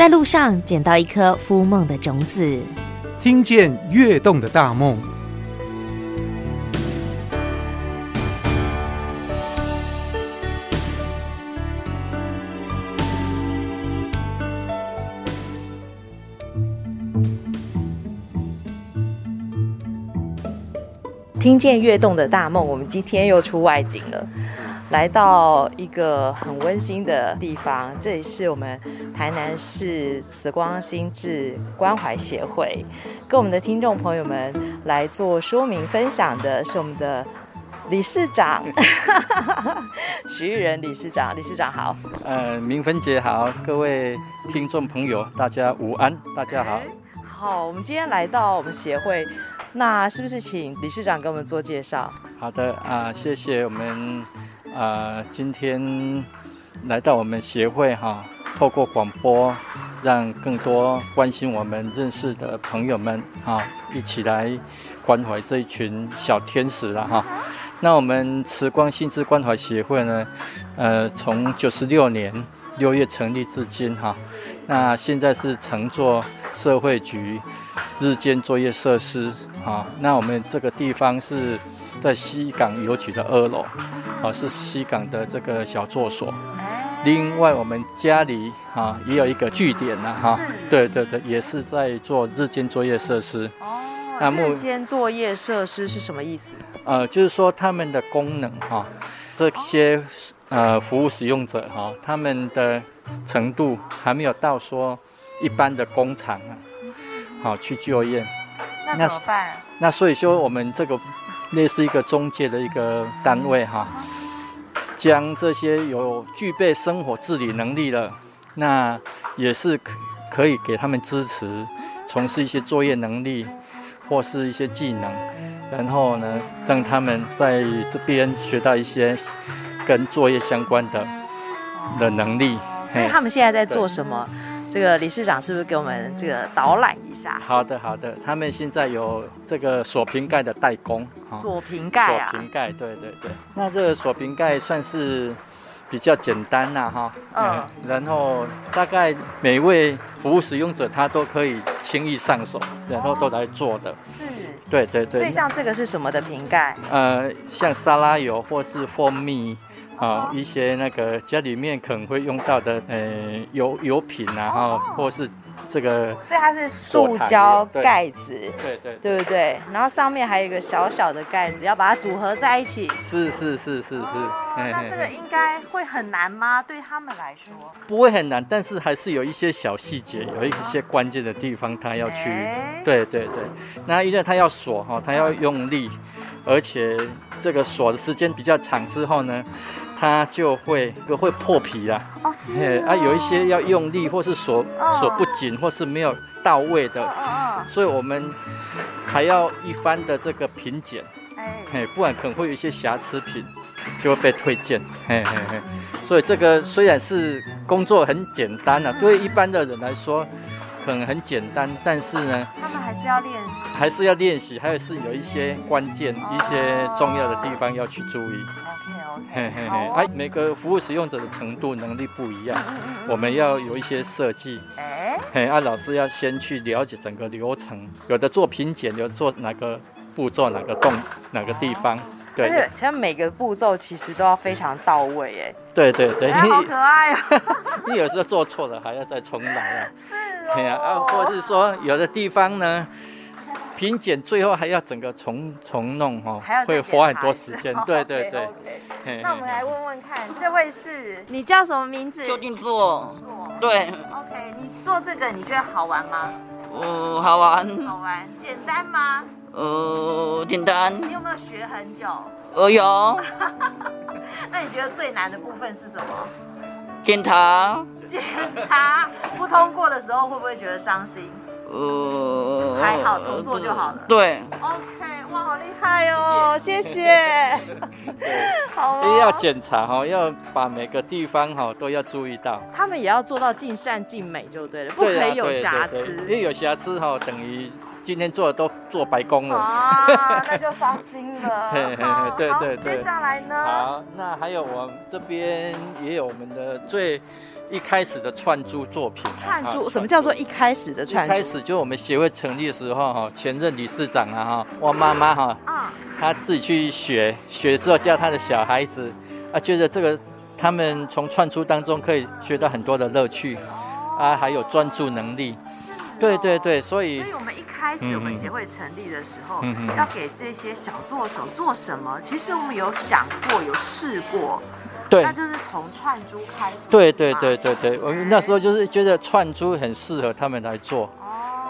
在路上撿到一顆孵夢的種子，聽見躍動的大夢，聽見躍動的大夢，我們今天又出外景了。來到一個很溫馨的地方，這裡是我們台南市慈光心智關懷協會，跟我們的聽眾朋友們來做說明分享的是我們的理事長、嗯、 徐玉仁理事長，理事長好。呃，明芬姐好，各位聽眾朋友，大家午安，大家好、哎。好，我們今天來到我們協會，那是不是請理事長給我們做介紹？好的啊、呃，謝謝我們。啊、呃，今天來到我們協會哈、哦，透過廣播，讓更多關心我們、認識的朋友們啊、哦，一起來關懷這一群小天使了哈、哦。那我們慈光心智關懷協會呢，呃，從九十六年六月成立至今哈、哦，那現在是承做社會局日間作業設施啊、哦。那我們這個地方是。在西港郵局的二樓，啊，是西港的這個小作所。欸、另外，我們家裡哈、啊、也有一個據點呢、啊，哈、啊。對對對，也是在做日間作業設施。哦。那日間作業設施是什麼意思？呃，就是說他們的功能哈、啊，這些呃服務使用者哈、啊，他們的程度還沒有到說一般的工廠啊，好去就業。那怎麼辦？那，那所以說我們這個。嗯類似一個中介的一個單位哈、啊，將這些有具備生活自理能力的，那也是可可以給他們支持，從事一些作業能力或是一些技能，然後呢，讓他們在這邊學到一些跟作業相關的的能力。所以他們現在在做什麼？這個理事長是不是給我們這個導覽一下？好的，好的。他們現在有這個鎖瓶蓋的代工，鎖瓶蓋、啊，鎖瓶蓋，對對對。那這個鎖瓶蓋算是比較簡單吶，啊，哈，嗯。嗯。然後大概每一位服務使用者他都可以輕易上手，哦，然後都來做的。是。對對對。所以像這個是什麼的瓶蓋？嗯，呃，像沙拉油或是蜂蜜。哦、一些那個家裡面可能會用到的，呃，油油品、啊，然、哦、後、哦、或是這個，所以它是塑膠蓋子，對對、對，對不對，對、對、對？然後上面還有一個小小的蓋子，要把它組合在一起。是是是是是。那、哦哦、這個應該會很難嗎？對他們來說，不會很難，但是還是有一些小細節，嗯、有一些關鍵的地方，他要去，嗯、對對對、對，那因為它要鎖哦，它、哦、要用力。嗯而且這個鎖的時間比較長之後呢，它就會就會破皮了。哦，啊，有一些要用力或是鎖鎖不緊或是沒有到位的。所以我們還要一番的這個品檢，哎，哎，不然可能會有一些瑕疵品就會被退件。嘿嘿嘿。所以這個雖然是工作很簡單啊，對於一般的人來說可能很簡單，但是呢。還是要練習，還是要練習，還有是有一些關鍵、哦、一些重要的地方要去注意。OK、嗯、OK。哎、嗯嗯嗯啊，每個服務使用者的程度能力不一樣、嗯嗯嗯，我們要有一些設計。哎、嗯啊，老師要先去了解整個流程，有的做品檢，有做哪個步驟，哪個動，哪個地方。對，其實每個步驟其實都要非常到位，哎。對對對。你好可愛哦！你有時候做錯了，還要再重來啊。是哦、啊是。哎呀，然後或是說有的地方呢，品檢最後還要整個重重弄哦，還要會花很多時間。 對對對、okay,。Okay. 那我們來問問看，這位是你叫什麼名字？就定做坐。對。OK，你做這個你覺得好玩嗎？嗯，好玩。好玩？簡單嗎？哦、嗯，訂單你有沒有學很久？哦、嗯、喲。有 那你覺得最難的部分是什麼？檢查。檢查。 不通過的時候會不會覺得傷心？呃、嗯，還好、呃，重做就好了。對。OK，哇，好厲害哦、喔！謝謝。謝謝 好。要檢查哈，要把每個地方哈都要注意到。他們也要做到盡善盡美就對了，不可以有瑕疵、啊對對對。因為有瑕疵哈，等於。今天做的都做白工了啊，那就傷心了 對。對對對，接下來呢？好，那還有我們這邊也有我們的最一開始的串珠作品、啊。串、啊、珠、啊、什麼叫做一開始的串珠？一開始就是我們協會成立的時候哈，前任理事長啊哈，我媽媽哈，嗯、啊，她自己去學，學之後教她的小孩子，啊，覺得這個他們從串珠當中可以學到很多的樂趣，啊，還有專注能力。對對對，所以，所以我們一開始我們協會成立的時候，嗯、要給這些小作手做什麼？其實我們有想過，有試過，對，那就是從串珠開始，對對對對對，okay. 我們那時候就是覺得串珠很適合他們來做，oh,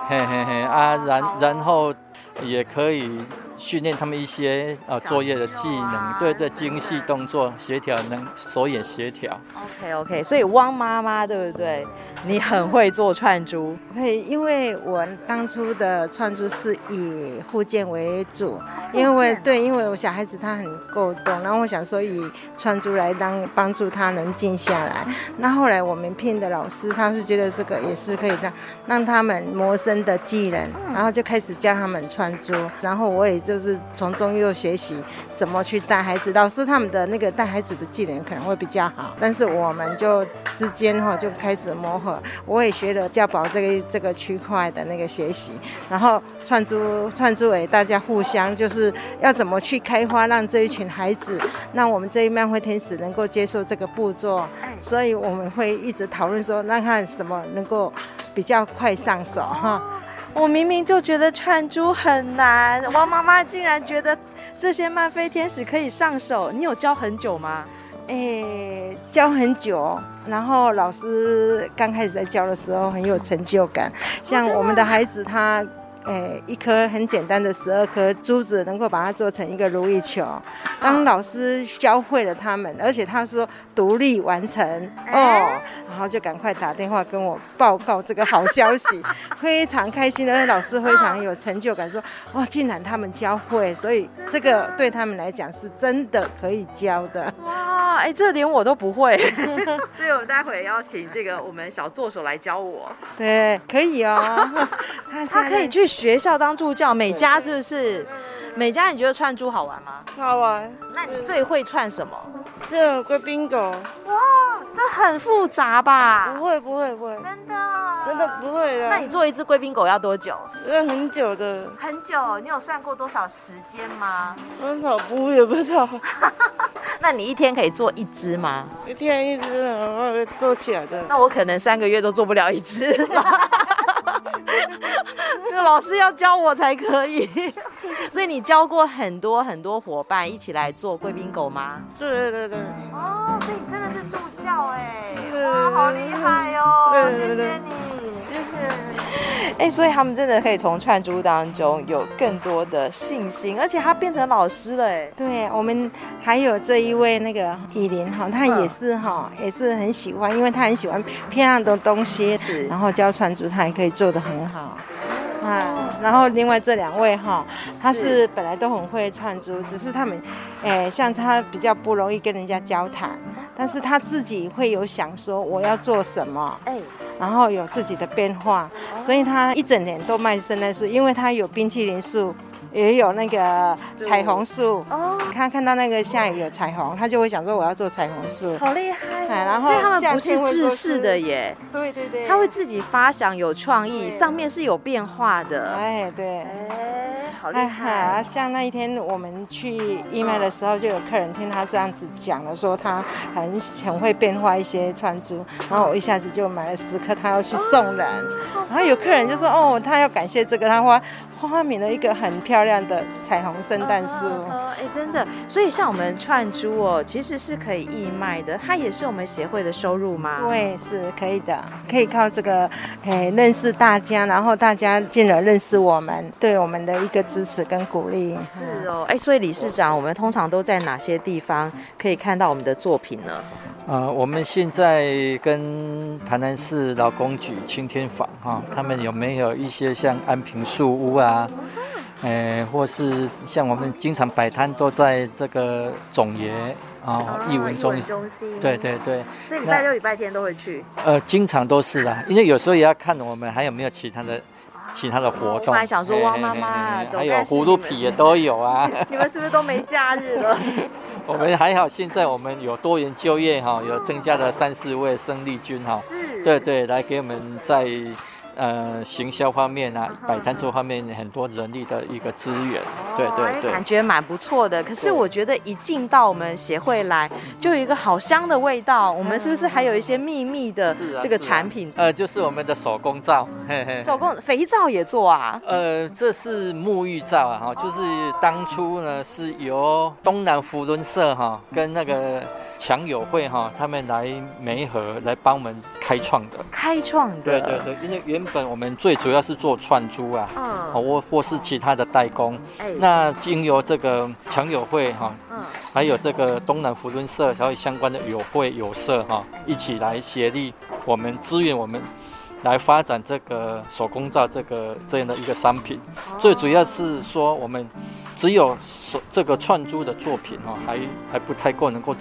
嘿嘿嘿，啊，然然後也可以。訓練他們一些呃作業的技能，對，對精細動作協調，能手眼協調。OK OK，所以汪媽媽對不對？Okay. 你很會做串珠。對，因為我當初的串珠是以護劍為主，啊、因為對，因為我小孩子，他很夠動，然後我想說以串珠來當幫助他能靜下來。那後，後來我們聘的老師，他是覺得這個也是可以讓讓他們謀生的技能，然後就開始教他們串珠，然後我也。就是從中又學習怎麼去帶孩子，老師他們的那個帶孩子的技能可能會比較好，但是我們就之間哈、哦、就開始磨合，我也學了教保這個這個區塊的那個學習，然後串珠串珠為大家互相就是要怎麼去開花，讓這一群孩子，那我們這一慢飛天使能夠接受這個步驟，所以我們會一直討論說，讓他什麼能夠比較快上手哈。我明明就覺得串珠很難，王媽媽竟然覺得這些慢飛天使可以上手。你有教很久嗎？欸，教很久。然後老師剛開始在教的時候很有成就感，像我們的孩子他。哎，一顆很簡單的十二顆珠子，能夠把它做成一個如意球。當老師教會了他們，而且他說獨立完成哦，然後就趕快打電話跟我報告這個好消息， 非常開心。而且老師非常有成就感，說哇、哦，竟然他們教會，所以這個對他們來講是真的可以教的。哇，哎，這連我都不會。 所以我們待會邀請這個我們小助手來教我。對，可以哦。他 他可以去。學校當助教，美嘉是不是？美嘉，你覺得串珠好玩嗎？好玩。那你最會串什麼？這貴賓狗。哇，這很複雜吧？不會不會不會。真的哦？真的不會的。那你做一隻貴賓狗要多久？要很久的。很久？你有算過多少時間嗎？多少不也不知道。 那你一天可以做一隻嗎？一天一隻啊，然後我會做起來的。那我可能三個月都做不了一隻。 那 老師要教我才可以， 所以你教過很多很多伙伴一起來做貴賓狗嗎？對對對對。哦，所以你真的是助教哎、欸，對，對，對，對，哇好厲害哦、喔！對對對對謝謝你，對對對對謝謝你。哎、欸，所以他們真的可以從串珠當中有更多的信心，而且他變成老師了哎、欸。對，我們還有這一位那個伊琳哈，他也是哈、嗯，也是很喜歡，因為他很喜歡漂亮的東西，然後教串珠他也可以做得很。很好，啊，然後另外這兩位哈、哦，他是本來都很會串珠，只是他們，哎，像他比較不容易跟人家交談，但是他自己會有想說我要做什麼，哎，然後有自己的變化，所以他一整年都賣聖誕樹，因為他有冰淇淋樹。也有那個彩虹樹哦，他看到那個下雨有彩虹，嗯、他就會想說我要做彩虹樹，好厲害！哎、嗯，然後不是智勢的耶，對，對對對，他會自己發想有創，有創意，上面是有變化的。哎，對，欸對欸、好厲害哈哈！像那一天我們去義賣的時候，就有客人聽他這樣子講了，說他很很會變化一些串珠，然後我一下子就買了十顆，他要去送人、哦。然後有客人就說哦，他要感謝這個，他花。花花名的一個很漂亮的彩虹聖誕樹，哎、呃呃，真的，所以像我們串珠哦，其實是可以義賣的，它也是我們協會的收入嘛。對，是可以的，可以靠這個，哎，認識大家，然後大家進而認識我們，對我們的一個支持跟鼓勵，是哦，哎，所以理事長，我們通常都在哪些地方可以看到我們的作品呢？呃，我們現在跟台南市勞工局青天坊哈、哦，他們有沒有一些像安平樹屋啊？啊，哎、呃，或是像我們經常擺攤都在這個總爺啊，藝、哦哦、文、文中心，對對對。所以禮拜六禮拜天都會去？呃，經常都是啊，因為有時候也要看我們還有沒有其他的，啊、其他的活動。我本來想說汪媽媽、欸欸欸欸，還有葫蘆皮也都有啊。你們是不是都沒假日了？ 我們還好，現在我們有多元就業哈、哦，有增加了三四位生力軍哈、哦，是，對，對對，來給我們在。呃，行銷方面啊，擺攤這方面很多人力的一個資源，哦、對對對，感覺蠻不錯的。可是我覺得一進到我們協會來，就有一個好香的味道、嗯。我們是不是還有一些秘密的這個產品？啊啊、呃，就是我們的手工皂，嘿、嗯、嘿，手工肥皂也做啊。呃，這是沐浴皂啊，哈，就是當初呢是由東南扶輪社哈、啊、跟那個強友會哈、啊、他們來媒合，來幫我們開創的，開創的，對對對，因為原原本我們最主要是做串珠啊，或，oh. 或是其他的代工。Oh. 那經由這個強友會哈、啊，oh. 還有這個東南扶輪社，還有相關的友會友社哈、啊，一起來協力，我們支援我們來發展這個手工皂這個這樣的一個商品。Oh. 最主要是說，我們只有這個串珠的作品哈、啊，還還不太夠能夠。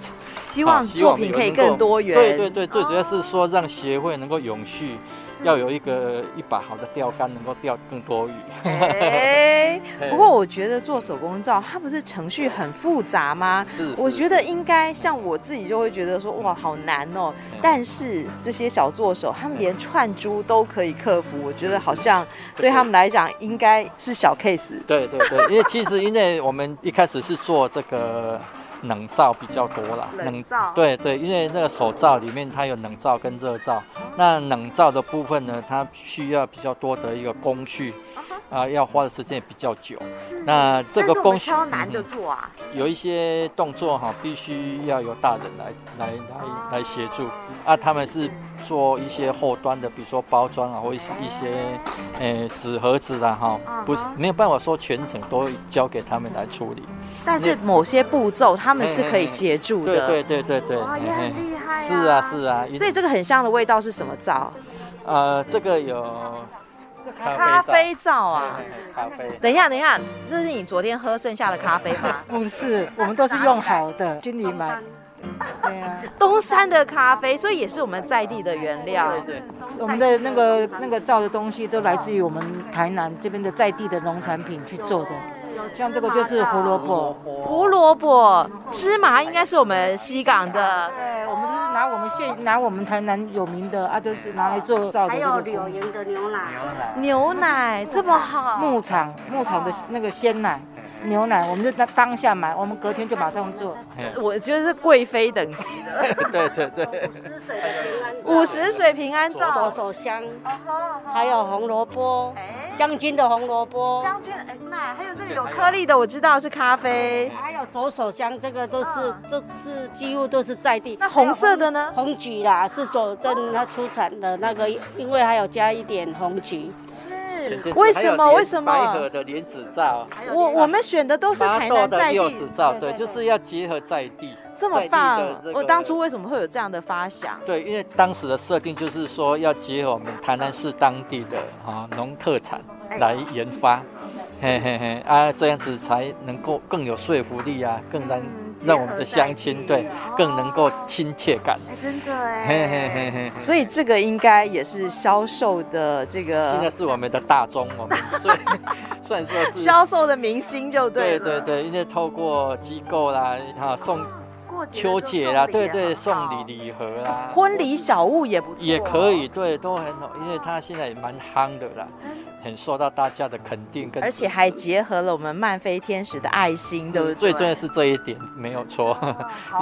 希望、啊、希望作品可以更多元。對對對，oh. 最主要是說讓協會能夠永續。要有一個一把好的釣竿，能夠釣更多魚、 欸。不過我覺得做手工皂，它不是程序很複雜嗎？是。我覺得應該像我自己就會覺得說，哇，好難哦、喔欸。但是這些小作手、欸，他們連串珠都可以克服，我覺得好像對他們來講應該是小 case。對對對，因為其實因為我們一開始是做這個。冷皂比較多啦，冷皂對對，因為那個手皂裡面它有冷皂跟熱皂、嗯，那冷皂的部分呢，它需要比較多的一個工序。嗯啊、呃，要花的時間也比較久。那這個工序難的做啊、嗯。有一些動作哈，必須要由大人來來來來協助。啊，他們是做一些後端的，比如說包裝啊，或一些一些紙盒子啊。哈，不是沒有辦法說全程都交給他們來處理。但是某些步驟他們是可以協助的、欸欸欸。對對對對對。很厲害、啊欸。是啊，是啊。所以這個很香的味道是什麼皂、嗯？呃，這個有。咖啡皂啊對對對，咖啡。等一下，等一下，這是你昨天喝剩下的咖啡嗎？ 不是，我們都是用好的。經理買。對啊，東山的咖啡，所以也是我們在地的原料。對，對,對，我們的那個那個皂的東西都來自於我們台南這邊的在地的農產品去做的。像這個就是胡蘿蔔，胡蘿蔔，芝麻應該是我們西港的。對。拿我們現拿我們台南有名的啊，就是拿來做造的那個格。還有柳營的牛奶，牛奶，牛奶這麼好。牧場，牧場的那個鮮奶。牛奶，我們就在當下買，我們隔天就馬上做。我覺得是貴妃等級的。 對對對。五十水平安。五十水平安皂左手香。還有紅蘿蔔。哎、欸。將軍的紅蘿蔔。將軍哎、欸，還有這裡有顆粒的，我知道是咖啡還。還有左手香，這個都是都是幾乎都是在地。那紅色的呢？紅橘啦，是左鎮它出產的那個，因為還有加一點紅橘。為什麼？為什麼？白河的蓮子皂我我們選的都是台南在地的柚子皂對，就是要結合在地。這麼棒，啊這個！我當初為什麼會有這樣的發想？對，因為當時的設定就是說要結合我們台南市當地的哈農特產來研發。嘿嘿嘿，啊，這樣子才能夠更有說服力啊，更能讓我們的鄉親對，更能夠親切感。哦哎、真的哎，嘿嘿嘿，所以這個應該也是銷售的這個。現在是我們的大中我們所以， 算說，銷售的明星就對。對對對，因為透過機構啦，哈、嗯啊、送。秋節啦，對對，送禮禮盒啦，婚禮小物也不錯，也可以，對，都很好，因為他現在也蠻夯的啦，很受到大家的肯定跟，而且還結合了我們慢飛天使的愛心，對不對？最重要是這一點沒有錯，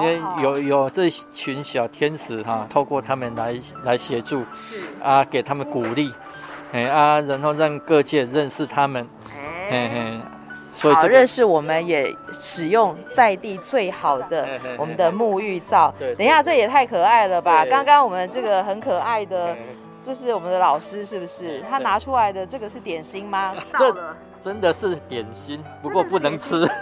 因為有有這群小天使哈、啊，透過他們來來協助，啊，給他們鼓勵，哎啊，然後讓各界認識他們，嘿，嘿。所以好，認識我們也使用在地最好的我們的沐浴皂。 等一下，這也太可愛了吧！剛剛我們這個很可愛的，對對對對，這是我們的老師，是不是？對對對對，他拿出來的這個是點心嗎？這真的是點心，不過不能吃。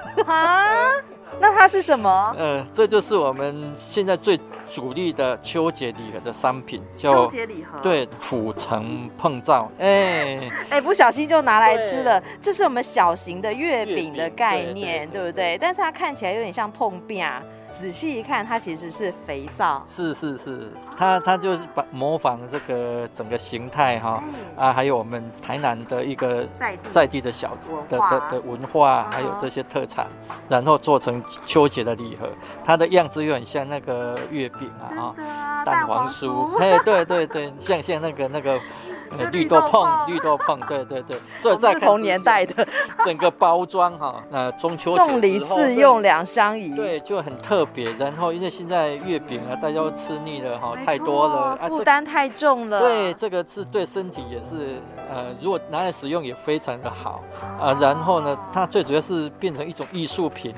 那它是什麼？呃，這就是我們現在最主力的秋節禮盒的商品，叫秋節禮盒。對，府城碰撞，哎、嗯、哎、欸欸，不小心就拿來吃了，這是我們小型的月餅的概念，對不對,對,對,對,對,對,對？但是它看起來有點像碰餅啊。仔細一看，它其實是肥皂，是是是，它它就是把模仿這個整個形態哈、哦嗯，啊，還有我們台南的一個在地的小吃的的的文化、啊，還有這些特產，然後做成秋節的禮盒，它的樣子又很像那個月餅啊，哈、啊哦，蛋黃酥，哎， 對對對，像像那個那個。那個哎、綠豆椪，綠豆椪， 綠豆椪，對對對，所以在同年代的整個包裝哈，呃、啊，中秋送禮自用兩相宜，對，就很特別。然後因為現在月餅啊，大家都吃膩了哈、啊，太多了，負擔太重了。對，這個是對身體也是，呃，如果拿來使用也非常的好啊。然後呢，它最主要是變成一種藝術品，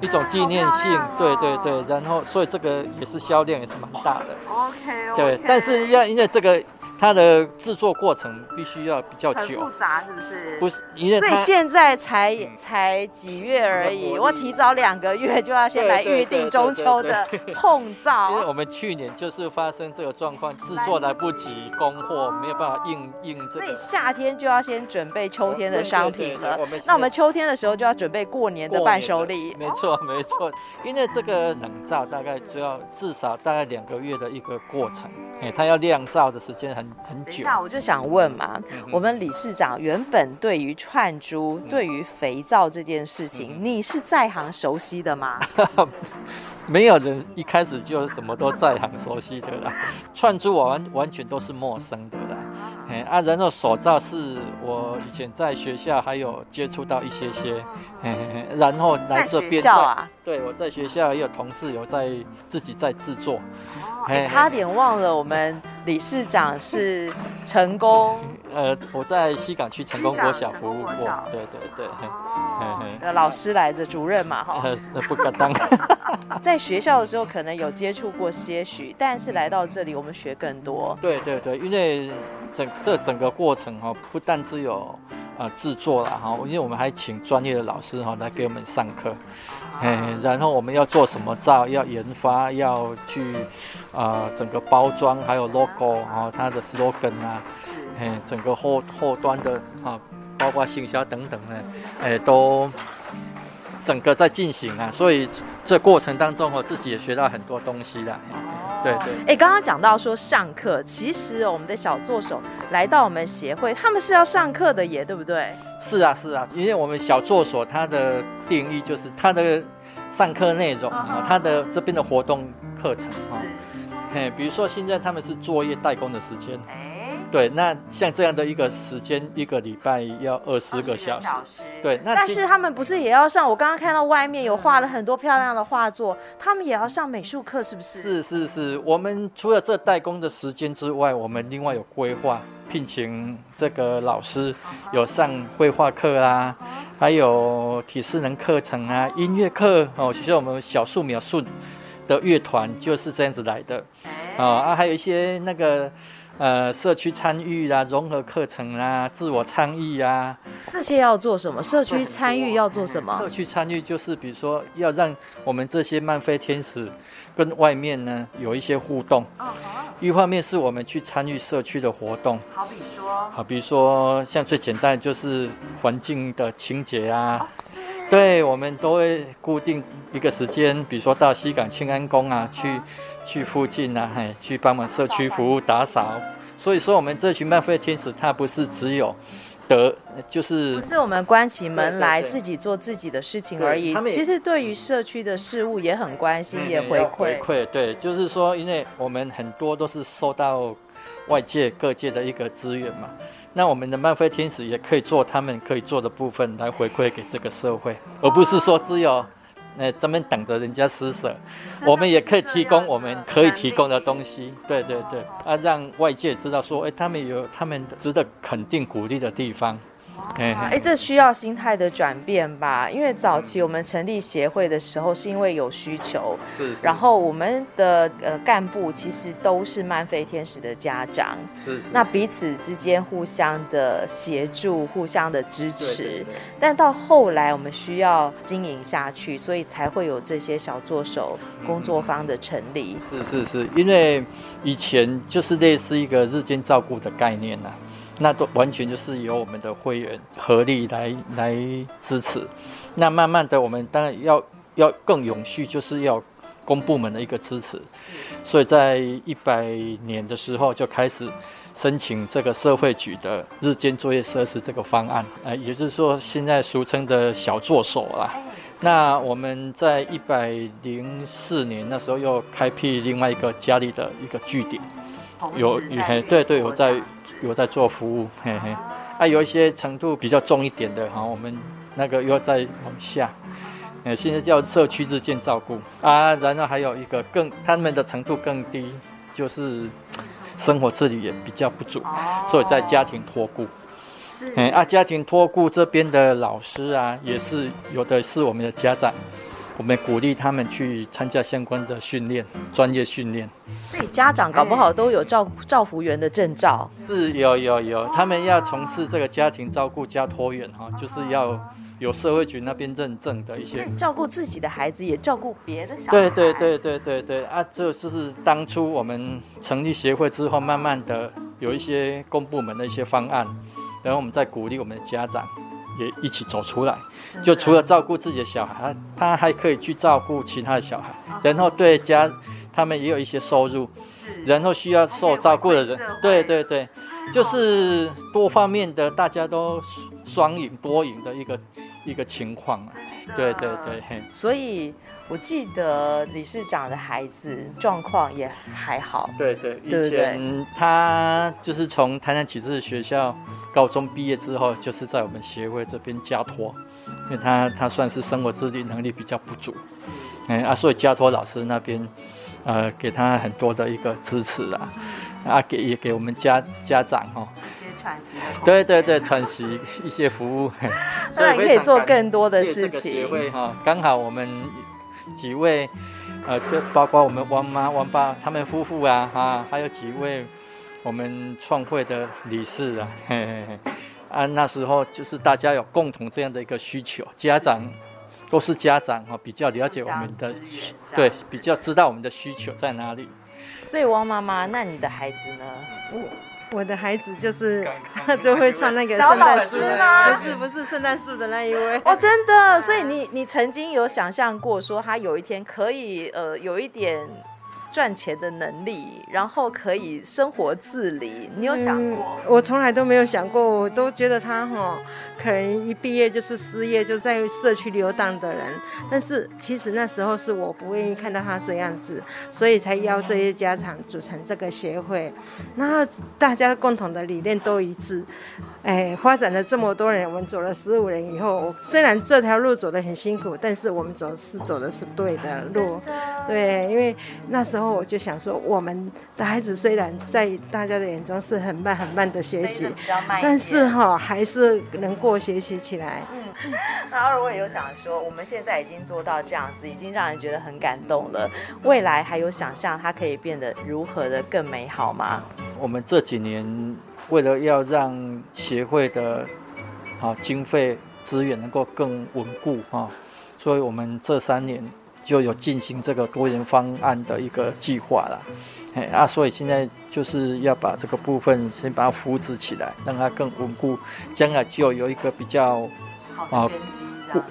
一種紀念性，對對對。然後所以這個也是銷量也是蠻大的。OK，對，但是要因為這個。它的製作過程必須要比較久，很複雜是不是？不是，因為所以現在才、嗯、才幾月而已，嗯、我提早兩個月就要先來預定中秋的皂。對對對對對對 因為我們去年就是發生這個狀況，製作來不及供貨，沒有辦法應、應、這個。所以夏天就要先準備秋天的商品了、嗯。那我們秋天的時候就要準備過年的伴手禮。沒錯、哦、沒錯、哦，因為這個冷皂大概就要至少大概兩個月的一個過程，哎、嗯嗯，它要晾皂的時間很。嗯、很久，我就想問嘛，嗯嗯、我們理事長原本對於串珠，嗯、對於肥皂這件事情，嗯，你是在行熟悉的嗎？ 沒有人一開始就是什麼都在行熟悉的啦， 串珠我完完全都是陌生的啦。哎啊，然後手皂是我以前在學校還有接觸到一些些，嗯、嘿嘿然後來這邊，啊，對，我在學校也有同事有在自己在製作。我、哦欸，差點忘了我們，嗯。理事長是成功，呃，我在西港區成功國小服務過，對對對，oh. 嘿嘿，呃，老師來着，主任嘛哈，不敢當。 在學校的時候可能有接觸過些許，但是來到這裡，我們學更多。對對對，因為整這整個過程哈，不但只有製作了哈，因為我們還請專業的老師哈來給我們上課。哎，然後我們要做什麼？造要研發，要去，啊、呃，整個包裝，還有 logo 啊，它的 slogan 啊，哎，整個後後端的啊，包括營銷等等呢，哎、呃，都。整個在進行啊，所以這過程當中哦，自己也學到很多東西了。對、oh. 嗯、對，哎、欸，剛剛講到說上課，其實、哦、我們的小作手來到我們協會，他們是要上課的耶，對不對？是啊是啊，因為我們小作手他的定義就是他的上課內容啊，oh. 他的這邊的活動課程啊，嘿、oh. 嗯嗯，比如說現在他們是作業代工的時間。對，那像這樣的一個時間，嗯、一個禮拜要二十個小時，小，時小時。對，那但是他們不是也要上？我剛剛看到外面有畫了很多漂亮的畫作，嗯、他們也要上美術課，是不是？是是是，我們除了這代工的時間之外，我們另外有規劃聘請這個老師，嗯、有上繪畫課啦、啊嗯，還有體適能課程啊，嗯、音樂課哦。其實我們小樹苗樹的樂團就是這樣子來的，啊、哎哦、啊，還有一些那個。呃，社區參與啊，融合課程啊，自我參與啊，這些要做什麼？社區參與要做什麼？哦哦嗯、社區參與就是，比如說，要讓我們這些慢飛天使跟外面呢有一些互動。哦，好、哦。一方面是我們去參與社區的活動。好比說。好比說，像最簡單的就是環境的清潔啊。哦，是對，我們都會固定一個時間，比如說到西港慶安宮啊，去去附近啊、哎，去幫忙社區服務打掃。所以說，我們這群慢飛天使，他不是只有得，就是不是我們關起門來自己做自己的事情而已。對對對，他們其實對於社區的事物也很關心，嗯，也回饋回饋。對，就是說，因為我們很多都是受到外界各界的一個資源嘛。那我們的慢飛天使也可以做他們可以做的部分，來回饋給這個社會，而不是說只有，呃專門等着人家施舍、嗯。我們也可以提供我們可以提供的東西的，對對對，啊，讓外界知道說，誒，他們有他們值得肯定鼓勵的地方。哎、欸，這需要心態的轉變吧？因為早期我們成立協會的時候，是因為有需求。是，是。然後我們的呃幹部其實都是慢飛天使的家長。是，是。那彼此之間互相的協助，互相的支持。對對對，但到後來，我們需要經營下去，所以才會有這些小作手工作坊的成立。是是是，因為以前就是類似一個日間照顧的概念呢、啊。那都完全就是由我們的會員合力來來支持。那慢慢的，我們當然要要更永續，就是要公部門的一個支持。所以在一百年的時候就開始申請這個社會局的日間作業設施這個方案，啊，也就是說現在俗稱的小作手啦。那我們在一百零四年那時候又開闢另外一個家裡的一個據點，有對，對對，有在。有在做服務，嘿嘿，啊，有一些程度比較重一點的哈、嗯啊，我們那個又再往下，呃、嗯，現在叫社區日間照顧啊，然後還有一個更他們的程度更低，就是生活自理也比較不足，哦、所以在家庭托顧，是，啊，家庭托顧這邊的老師啊，也是有的是我們的家長。我們鼓勵他們去參加相關的訓練，專業訓練。所以家長搞不好都有照照服員的證照。是，有，有，有、哦啊。他們要從事這個家庭照顧家托員哈，就是要有社會局那邊認證的一些。照顧自己的孩子，也照顧別的小孩。對，對，對，對，對，對。啊，這就，就是當初我們成立協會之後，慢慢的有一些公部門的一些方案，然後我們在鼓勵我們的家長。也一起走出來，就除了照顧自己的小孩，他還可以去照顧其他的小孩，然後對家，他們也有一些收入，然後需要受照顧的人，對對對，就是多方面的，大家都雙贏多贏的一個。一個情況啊，對對對，所以我記得理事長的孩子狀況也還好，對對對對，以前，嗯，他就是從台南啟智學校高中畢業之後，就是在我們協會這邊加托，因為他他算是生活自理能力比較不足，嗯啊，所以加托老師那邊，呃，給他很多的一個支持啊，啊給也給我們家家長哦。對對對，喘息一些服務，當然可以做更多的事情。剛好我們幾位，呃，包括我們王媽、王爸他們夫婦啊，啊，還有幾位我們創會的理事啊嘿嘿嘿，啊，那時候就是大家有共同這樣的一個需求，家長是都是家長哈，比較了解我們的，對，比較知道我們的需求在哪裡。所以王媽媽，那你的孩子呢？哦我的孩子就是他，就會穿那個聖誕樹，不是不是聖誕樹的那一位哦， 不是不是聖誕樹的那一位 Oh, 真的。所以你你曾經有想象過說他有一天可以呃，有一點。賺錢的能力，然後可以生活自理。你有想過？嗯、我從來都沒有想過，我都覺得他哈、哦，可能一畢業就是失業，就在社區流蕩的人。但是其實那時候是我不願意看到他這樣子，所以才邀這些家長組成這個協會。然後大家共同的理念都一致，哎，發展了這麼多人，我們走了十五年以後，雖然這條路走得很辛苦，但是我們走是走的是對的路，對，因為那時候。我就想說，我們的孩子雖然在大家的眼中是很慢、很慢的學習，但是哈，還是能夠學習起來。嗯，那二位又想說，我們現在已經做到這樣子，已經讓人覺得很感動了。未來還有想象，它可以變得如何的更美好嗎？我們這幾年為了要讓協會的，好經費資源能夠更穩固啊，所以我們這三年。就有進行這個多元方案的一個計劃了，哎啊，所以現在就是要把這個部分先把它扶植起來，讓它更穩固，將來就有一個比較、啊、好的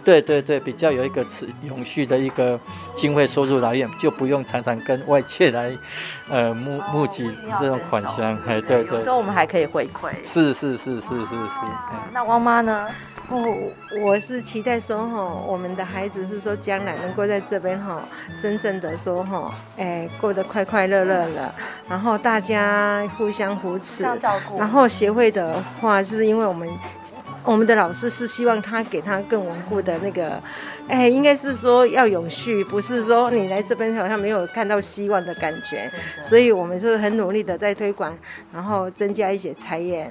對對對，比較有一個持永續的一個經費收入來源，就不用常常跟外界來，呃募募集這種款項。哎、哦，對對、對、對、對、對。所以我們還可以回饋。是是是是是是。是是是是是，哦、那汪媽呢？哦，我是期待說吼、哦，我們的孩子是說將來能夠在這邊哈、哦，真正的說哈、哦，哎、欸，過得快快樂樂了、嗯，然後大家互相扶持、照顧，然後協會的話是因為我們。我們的老師是希望他給他更穩固的那個，哎，應該是說要永續，不是說你來這邊好像沒有看到希望的感覺。所以，我們是很努力的在推廣，然後增加一些產業，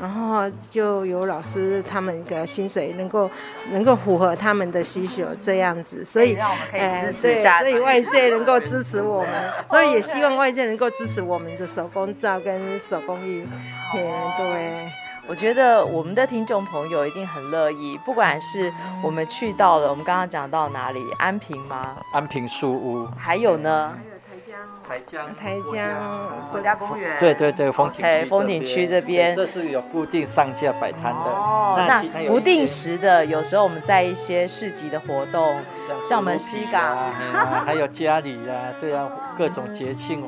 然後就有老師他們的薪水能夠能夠符合他們的需求這樣子。所以，哎、呃，對，所以外界能夠支持我們，所以也希望外界能夠支持我們的手工皂跟手工藝，哎、對。我覺得我們的聽眾朋友一定很樂意，不管是我們去到了，我們剛剛講到哪裡，安平嗎？安平樹屋？還有呢？台江，台江國家公園，對對對，okay, 風景哎，風景區這邊，這是有固定上架擺攤的哦、oh,。那不定時的，有時候我們在一些市集的活動，嗯、像我們西港、啊 啊，還有家裡啊，對啊，各種節慶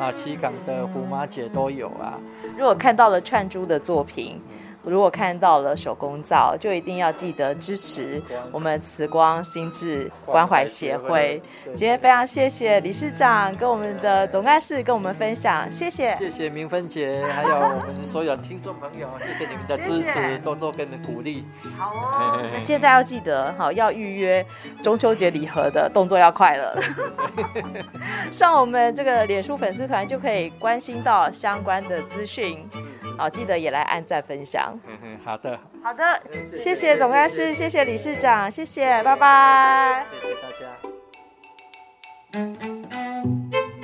啊，西港的胡媽姐都有啊。如果看到了串珠的作品，嗯如果看到了手工皂，就一定要記得支持我們慈光心智關懷協會,懷協會。今天非常謝謝理事長跟我們的總幹事,跟我,總幹事跟我們分享，謝謝。謝謝明芬姐，還有我們所有聽眾朋友， 謝謝你們的支持，謝謝多多跟的鼓勵。好哦，哎哎哎現在要記得好要預約中秋節禮盒的動作要快了，對對對 上我們這個臉書粉絲團就可以關心到相關的資訊。好、哦，記得也來按讚分享。嗯哼，好的，好的，謝謝總幹事，謝謝理事長，謝謝，拜拜，謝謝大家。